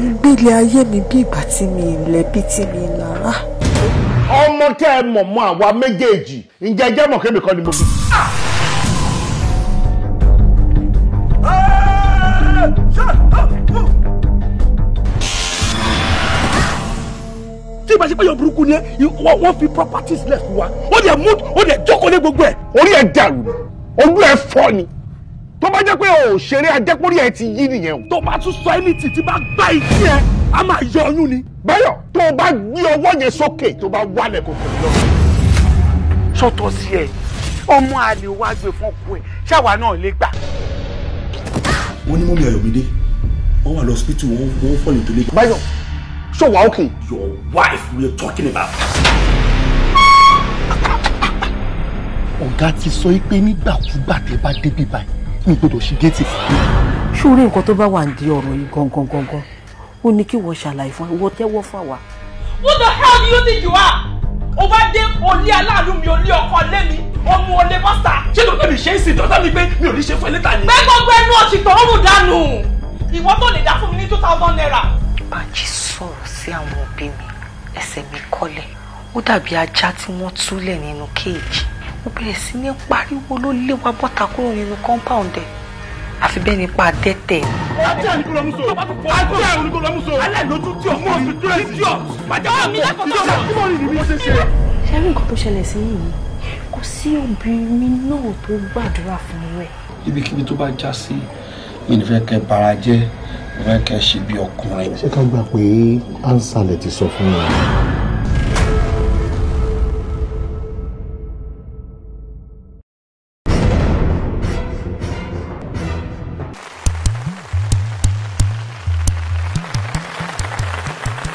ìgbélé ayé mi bí ìgbà tí mi lẹ́bi tí mi lára. ọmọ tẹ́ ẹ mọ̀ mọ́ àwa méjèèjì ǹjẹ́ ẹ jẹ́ mọ̀ kébì kan ni mo bí. tí ìgbà ṣe pé burúkú ni wọ́n fi properties left wa ó dẹ̀ mú ó dẹ̀ jókòó lé gbogbo ẹ̀. orí ẹ̀ dàrú ojú ẹ̀ fọ́ ni tó bá jẹ́ pé òṣèré ajẹ́pórí ẹ ti yí nìyẹn o. tó bá tún sọ anything tí bá gbá ìdí ẹ a máa yọ ọyún ni. báyọ̀ tó o bá gbé ọwọ́ yẹn sókè tó bá wálẹ̀ kò tẹ̀lé lọ. sọ́tọ̀ sí ẹ ọmọ àlè wá gbé fún ọkọ ẹ ṣáwa náà lè gbà. wọ́n ní mọ́mí ayọ̀mídé wọ́n wà lọ́sibítù wọ́n wọ́n fọ́ ní ìdílé. báyọ̀ ṣó wà okay. your wife we are talking about. ọ̀gá ti sọ pé nígbàkúgbà tẹ́ bá débi báyìí mi gbọ́dọ̀ géètì fún mi. ṣúrí nǹkan tó bá wà ń di ọ̀rọ̀ yìí gangan gangan ó ní kí wọ́n ṣàlàyé fún wọn tẹ́wọ́ fún wa. who the hell do you think you are? o bá dé olé aláàánú mi olé ọkọ lé mi ọmọ olé pásítà. ṣé ló tẹ̀lé ṣe é sì dọ́tà mi pé mi ò ní ṣe fún ẹlẹ́ta ni. pé gbogbo ẹnu ọ̀sìtọ̀ ọ̀rùn dànù ìwọ tó lè dá fún mi ní two thousand naira. bàjẹ́ sọ̀rọ̀ sí àwọn òbí mi ẹsẹ̀ mi kọ́lẹ̀ ó dàbí ajá tí wọ́n túlẹ̀ nínú kéèjì mo bẹ̀rẹ̀ sí ní pariwo ló lé wa bọ́ta kúrò nínú compound ẹ̀ àfi bẹ́ẹ̀ nípa dẹ́tẹ̀. ajá ni kò lọ mú so ajá kò lọ mú so tí o mọ oṣù tó ẹ tí o pàjá wà mí lẹ́kọ̀ọ́ tó o mọ ìrìn mo ṣe ṣe. ṣé rí nǹkan tó ṣẹlẹ̀ sí yìí kò sí obìnrin náà tó gbàdúrà fún rẹ̀. ibikíbi tó bá já sí mi ní fẹ́ kẹ́ bara jẹ́ mi fẹ́ kẹ́ ṣe bí ọkùnrin. ṣé ká gbà pé ansa lè ti sọ fún wa.